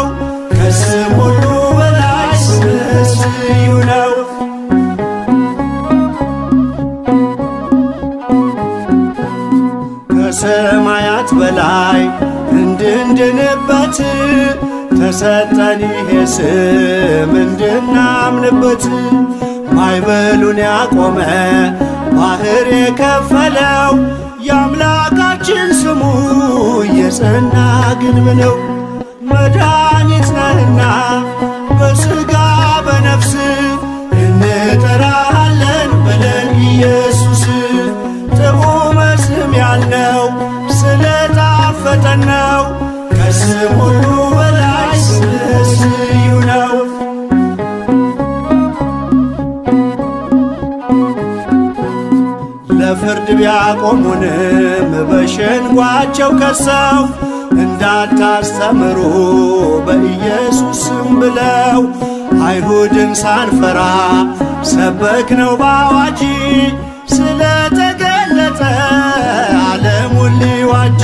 ነው። ከስም ሁሉ በላይ ስምህ ስዩ ነው። ከሰማያት በላይ እንድንድንበት ተሰጠን ይሄ ስም እንድናምንበት ማይበሉን ያቆመ ባህር የከፈለው የአምላካችን ስሙ የጸና ግንብ ነው። ለፍርድ ቢያቆሙንም በሸንጓቸው ከሰው እንዳታስተምሩ በኢየሱስም ብለው አይሁድን ሳንፈራ ሰበክነው ባዋጂ ስለተገለጠ ዓለሙን ሊዋጂ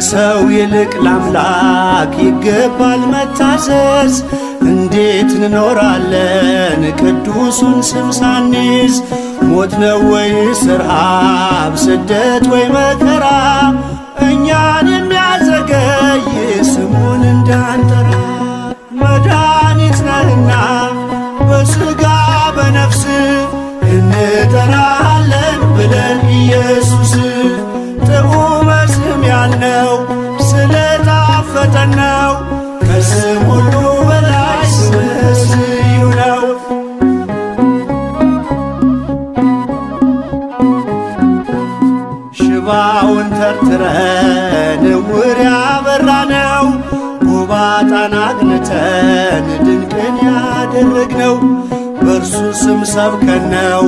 ከሰው ይልቅ ለአምላክ ይገባል መታዘዝ። እንዴት እንኖራለን ቅዱሱን ስም ሳንይዝ? ሞት ነው ወይስ ርሃብ፣ ስደት ወይ መከራ እኛን የሚያዘገይ ስሙን እንዳንጠራ? መድኃኒት ነህና በሥጋ በነፍስ እንጠራሃለን ብለን ኢየሱስ መጠን ነው። ከስም ሁሉ በላይ ስምህ ስዩ ነው። ሽባውን ተርትረን እውር ያበራ ነው። ጉባጣን አግንተን ድንቅን ያደረግነው በእርሱ ስም ሰብከን ነው።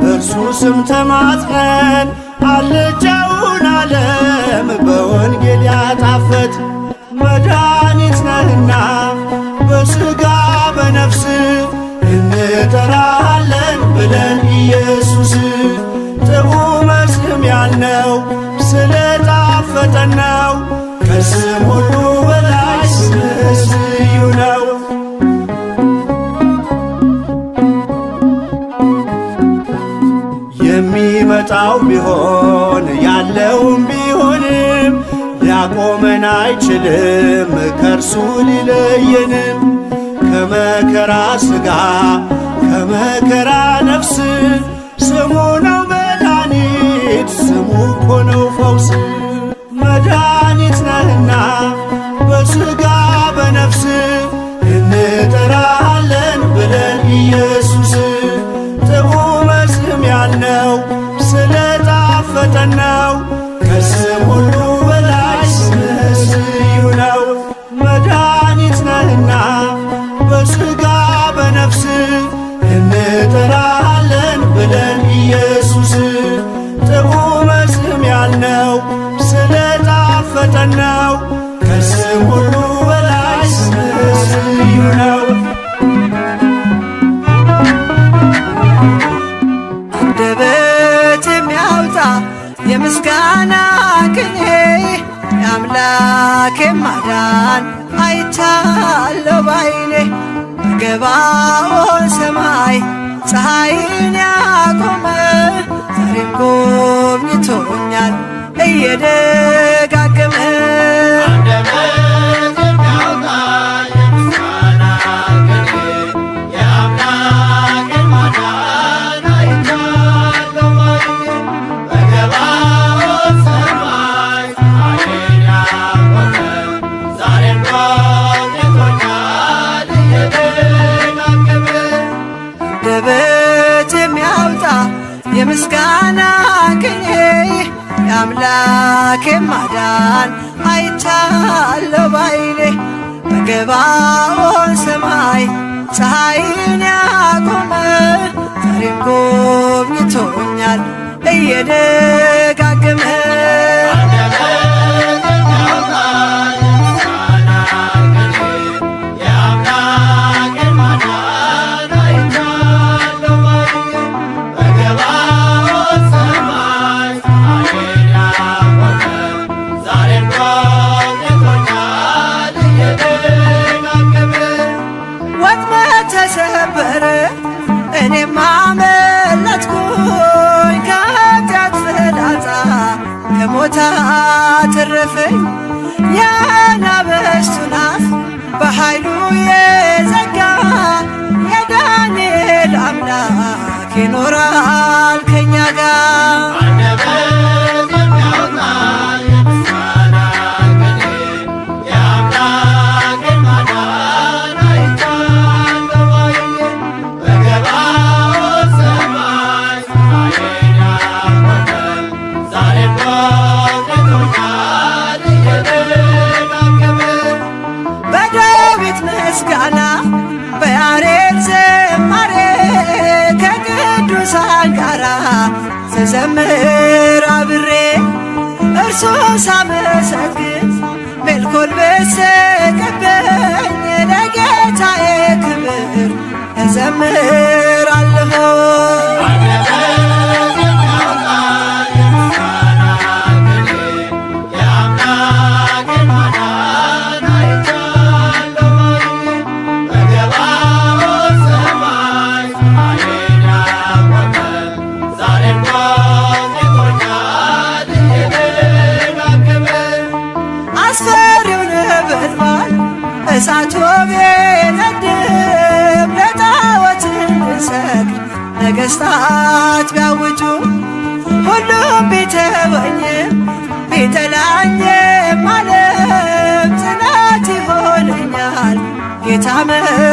በእርሱ ስም ተማጽነን አልጫውን ዓለም በወንጌል ያጣፈት መድኃኒት ነህና በሥጋ በነፍስ እንጠራሃለን ብለን ኢየሱስ ጥቡ መስልም ያልነው ስለ ጣፈጠን ነው ከስም ሁሉ በላይ ስምህ እዩ ነው። ሊቆመን አይችልም ከእርሱ ሊለየንም ከመከራ ሥጋ ከመከራ ነፍስ ስሙ ነው መድኃኒት ስሙ እኮ ነው ፈውስ አምላክ የማዳን አይቻለሁ ባይኔ ገባኦን ሰማይ ፀሐይን ያቆመ ዛሬም ጎብኝቶኛል እየደ ምስጋና ቅኔ የአምላክ ማዳን አይቻለሁ ባይኔ በገባኦን ሰማይ ፀሐይን ያቆመ ዛሬም ጎብኝቶኛል እየደጋገመ حمام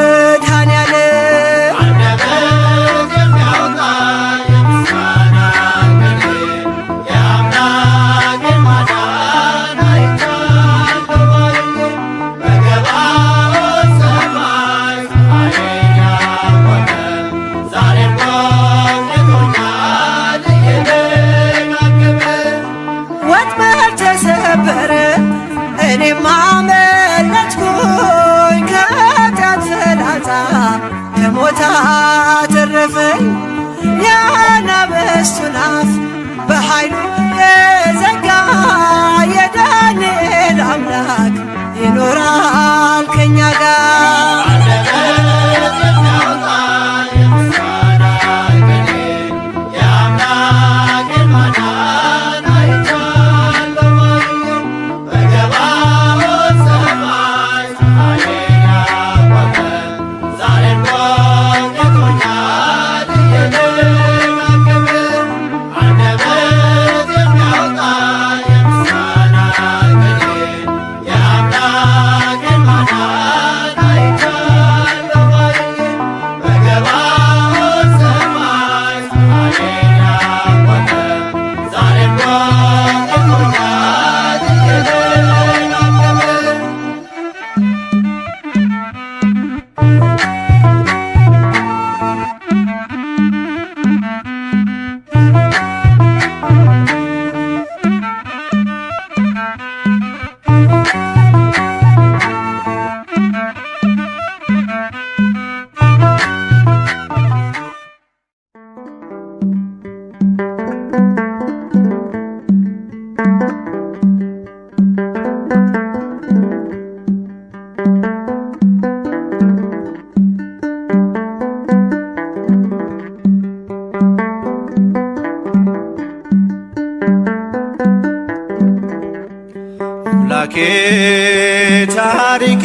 ታሪኬ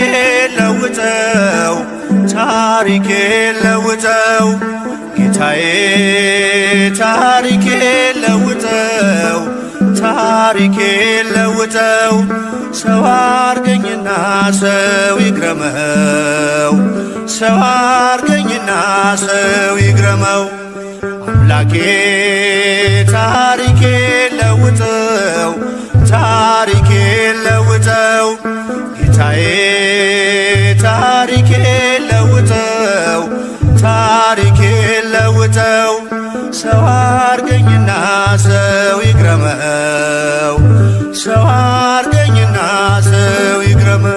ለውጠው ታሪኬ ለውጠው ጌታዬ ታሪኬ ለውጠው ታሪኬ ለውጠው ሰው አርገኝና ሰው ይግረመው ሰው አርገኝና ሰው ይግረመው አምላኬ ታሪኬ ለውጠው ታሪ ሰው ጌታዬ ታሪኬ ለውጠው ታሪኬ ለውጠው ሰው አርገኝና ሰው ይግረመው ሰው አርገኝና ሰው ይግረመው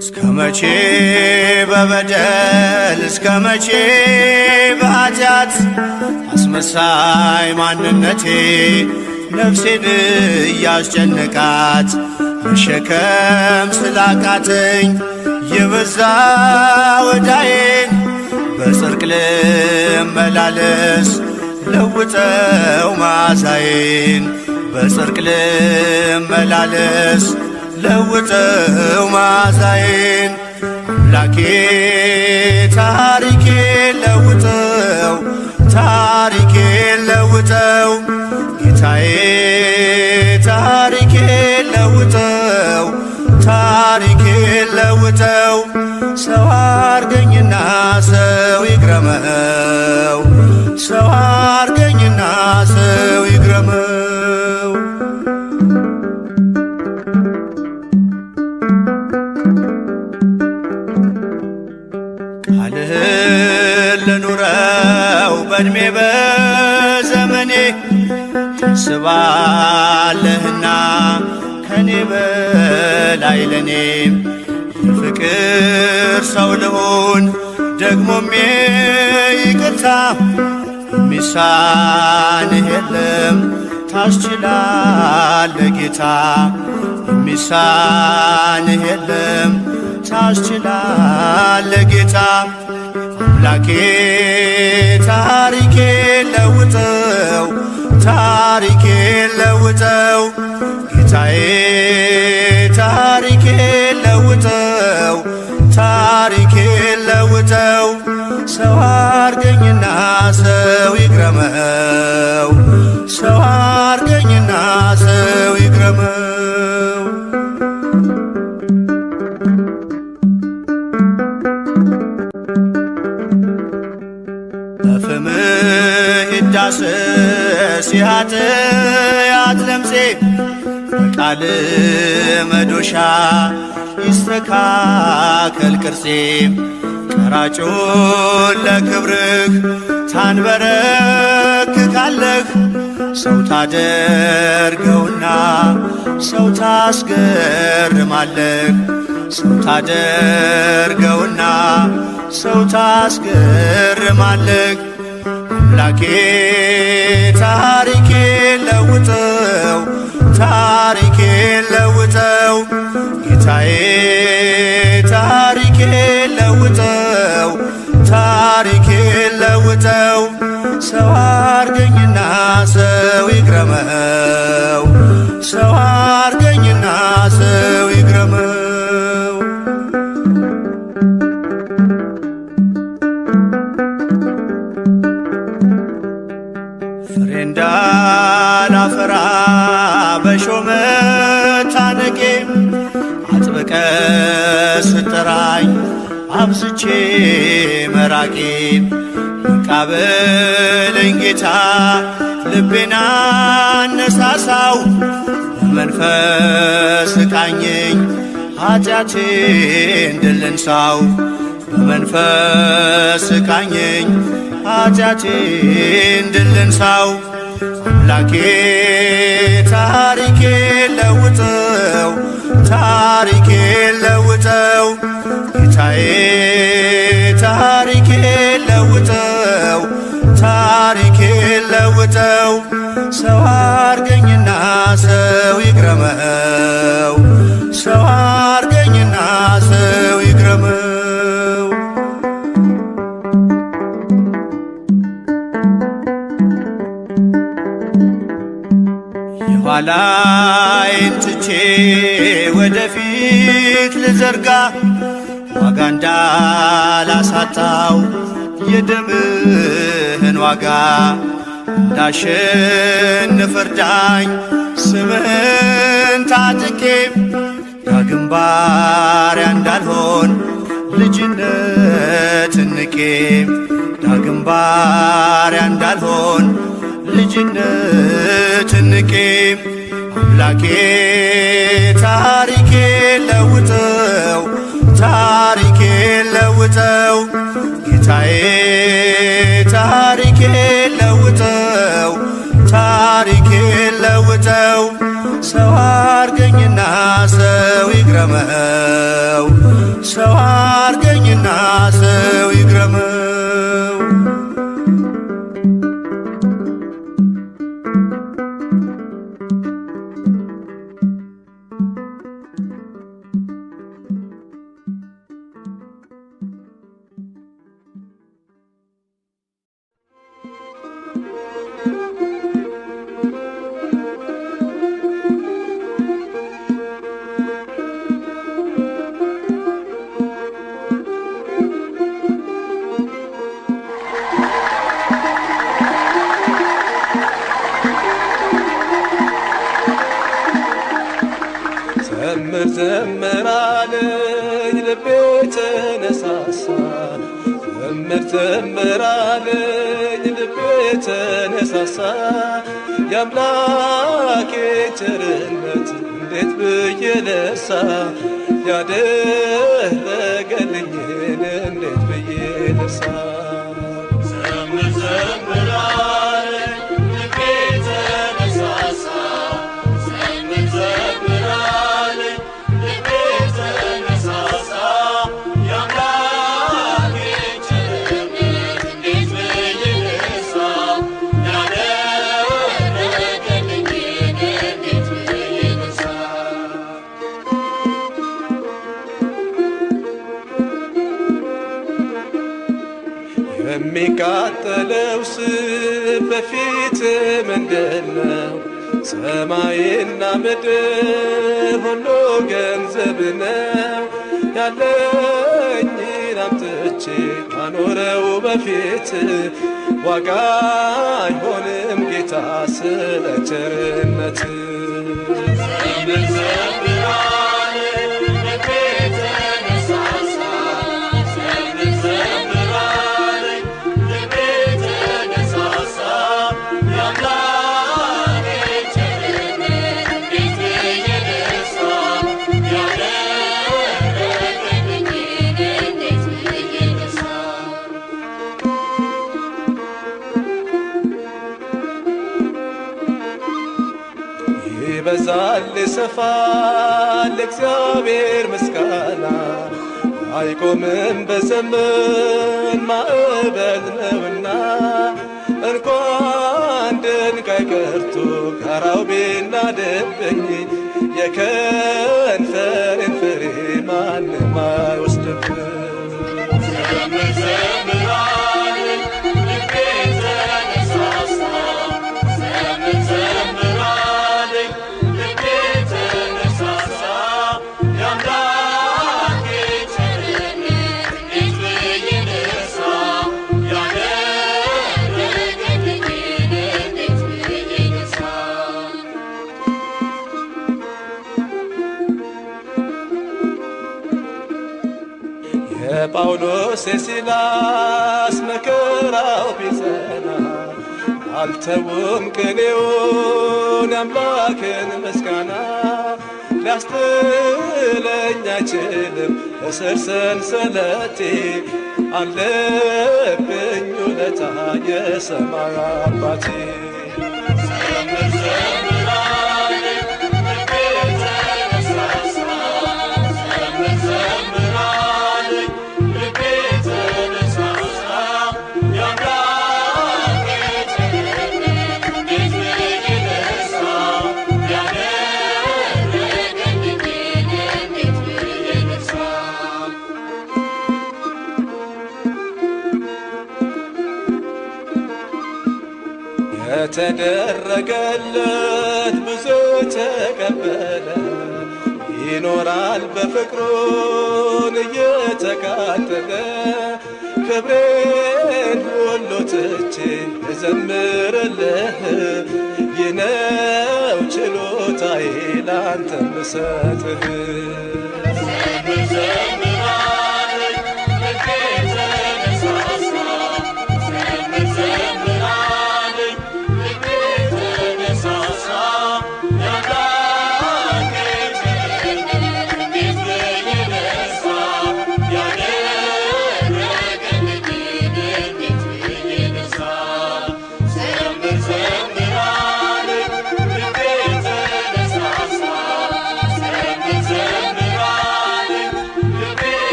እስከ መቼ በበደል እስከ መቼ በኃጢአት አስመሳይ ማንነቴ ነፍሴን እያስጨነቃት መሸከም ስላቃተኝ የበዛ ወዳዬን በጽርቅ ልመላለስ ለውጠው ማዛዬን በጽርቅ ልመላለስ ለውጠው ማዛዬን አምላኬ ታሪኬ ለውጠው ታሪኬ ለውጠው ጌታዬ ታሪኬ ለውጠው ታሪኬ ለውጠው ትቀርባለህና ከኔ በላይ ለኔም የፍቅር ሰው ልሆን ደግሞም ይቅርታ የሚሳንህ የለም ታስችላለ ጌታ የሚሳንህ የለም ታስችላለ ጌታ አምላኬ ታሪኬ ለውጠው ታሪኬን ለውጠው ጌታዬ ታሪኬን ለውጠው ታሪኬን ለውጠው ሰው አርገኝና ሰው ይግረመው ሰው አርገኝና ሰው ይግረመው ሲያትያት ለምሴ ቃል መዶሻ ይስተካከል ቅርሴ ቀራጩን ለክብርህ ታንበረክካለህ ሰው ታደርገውና ሰው ታስገርማለህ ሰው ታደርገውና ሰው ታስገርማለህ አምላኬ ታሪኬን ለውጠው ታሪኬን ለውጠው ጌታዬ ታሪኬ ለውጠው ታሪኬ ለውጠው ሰው አርገኝና ሰው ይግረመው ሰው አርገኝና ሰው ይግረመው አብዝቼ መራቂም ቃበለኝ ጌታ ልቤና አነሳሳው በመንፈስ ቃኘኝ ኃጢአቴን ድል እንሳው በመንፈስ ቃኘኝ ኃጢአቴን ድል እንሳው አምላኬ ታሪኬ ለውጠው ታሪኬ ለውጠው ጌታዬ ታሪኬ ለውጠው ታሪኬ ለውጠው ሰው አርገኝና ዋጋ እንዳሸንፍ እርዳኝ ስምን ታጥቄ ዳግምባር እንዳልሆን ልጅነት ንቄ ዳግምባር እንዳልሆን ልጅነት ንቄ አምላኬ ታሪኬ ለውጥ ትምራለኝ ልቤ ተነሳሳ ዘምር ትምራለኝ ልቤ ተነሳሳ የአምላኬ ቸርነት እንዴት ብዬ ልርሳ ያደረገልኝን እንዴት ብዬ ልርሳ በፊት ምንድነው? ሰማይና ምድር ሁሉ ገንዘብ ነው። ያለኝን አምጥቼ አኖረው በፊት ዋጋ አይሆንም ጌታ ስለ ቸርነት ይሰፋል እግዚአብሔር ምስጋና አይቆምም በዘመን ማዕበል ነውና እንኳን ድንጋይ ቀርቶ ጋራው ቢናድብኝ የከንፈር ሲላስ መከራው ቢጸና አልተውም ቅኔውን አምላክን ምስጋና ሊያስጥለኝ አይችልም እስር ሰንሰለቴ አለብኝ ውለታ የሰማይ አባቴ ተደረገለት ብዙ ተቀበለ ይኖራል በፍቅሩን እየተቃተለ ክብሬን ሁሉ ትቼ እዘምርልህ ይነው ችሎታዬ ላንተ ምሰጥህ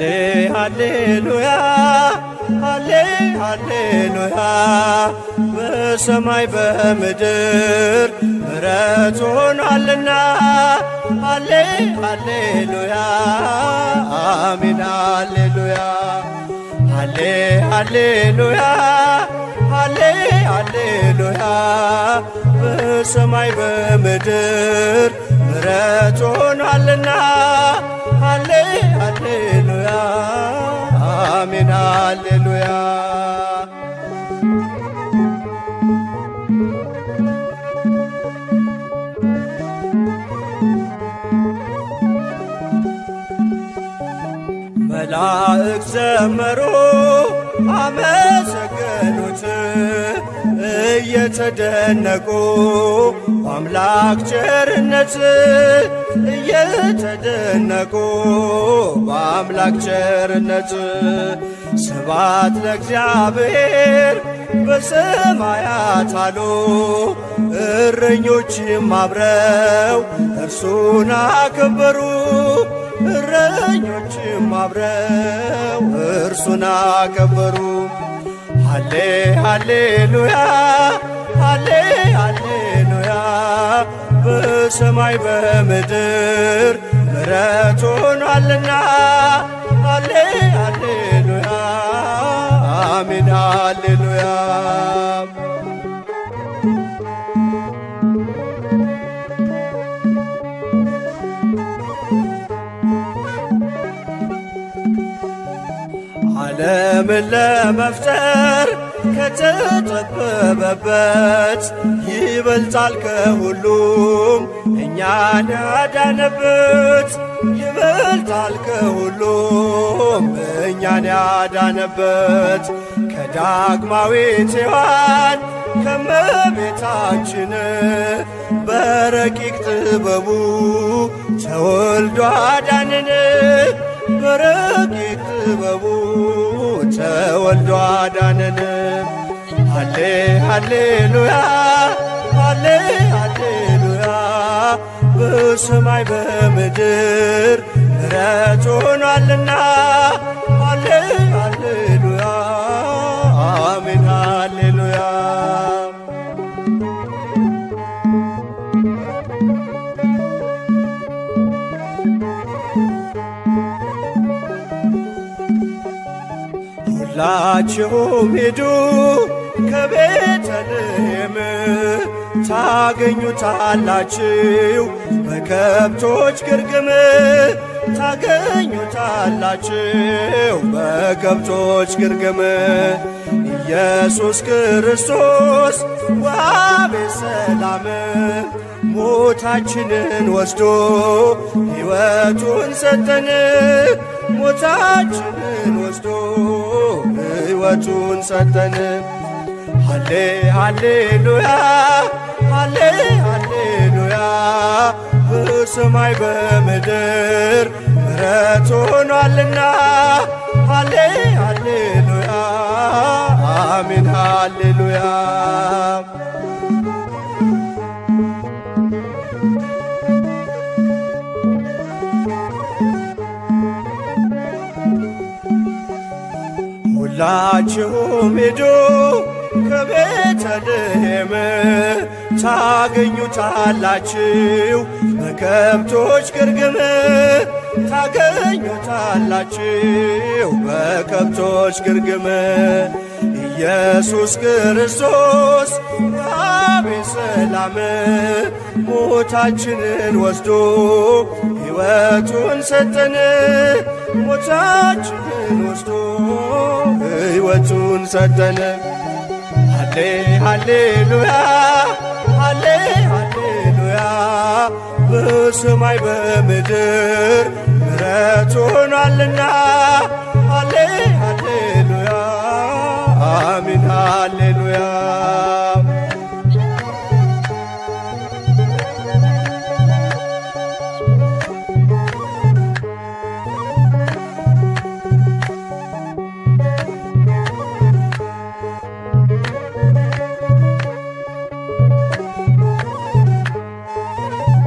ሃሌ ሃሌሉያ ሃሌ ሃሌሉያ በሰማይ በምድር ምሕረት ሆኗልና ሃሌ ሃሌሉያ አሜን ሃሌሉያ ሃሌ ሃሌሉያ ሃሌ ሃሌሉያ በሰማይ በምድር ምሕረት ሆኗልና አሌ አሌሉያ አሜን አሌሉያ መላእክ ዘመሩ አመሰገኑት እየተደነቁ አምላክ ቸርነት እየተደነቁ በአምላክ ቸርነት ስብሐት ለእግዚአብሔር በሰማያት አሉ እረኞችም አብረው እርሱን አከበሩ። እረኞችም አብረው እርሱን አከበሩ። ሃሌ ሃሌሉያ ሃሌ በሰማይ በምድር ምሕረት ሆኗልና አሌ አሌሉያ አሜን አሌሉያ ዓለምን ለመፍጠር ከተጠበበበት ይበልጣል ከሁሉም እኛን ያዳነበት ይበልጣል ከሁሉም እኛን ያዳነበት ከዳግማዊት ሔዋን ከመቤታችን በረቂቅ ጥበቡ ተወልዶ አዳንን በረቂቅ ጥበቡ ተወልዶ አዳነን። ሃሌ ሃሌሉያ ሃሌ ሃሌሉያ በሰማይ በምድር ምሕረት ሆኗልና ሃሌ ሃሌሉያ አሜን ሃሌሉያ ሁላችሁም ሂዱ ከቤተልሔም ታገኙታላችሁ፣ በከብቶች ግርግም ታገኙታላችሁ፣ በከብቶች ግርግም ኢየሱስ ክርስቶስ ዋቤ ሰላም ሞታችንን ወስዶ ሕይወቱን ሰጠን ሞታችንን ወስዶ ሕይወቱን ሰጠን። ሃሌ ሃሌሉያ ሃሌ ሃሌሉያ በሰማይ በምድር ምሕረት ሆኗልና ሃሌ ሃሌሉያ አሜን ሃሌሉያ ሁላችሁም ሂዱ ከቤተልሔም ታገኙታላችሁ፣ በከብቶች ግርግም ታገኙታላችሁ፣ በከብቶች ግርግም ኢየሱስ ክርስቶስ አቤ ሰላም ሞታችንን ወስዶ ሕይወቱን ሰጠን ሞታችንን ወስዶ ሕይወቱን ሰጠነ። ሃሌ ሃሌሉያ ሃሌ ሃሌሉያ በሰማይ በምድር ምሕረቱ ሆኗልና ሃሌ ሃሌሉያ አሚን ሃሌሉያ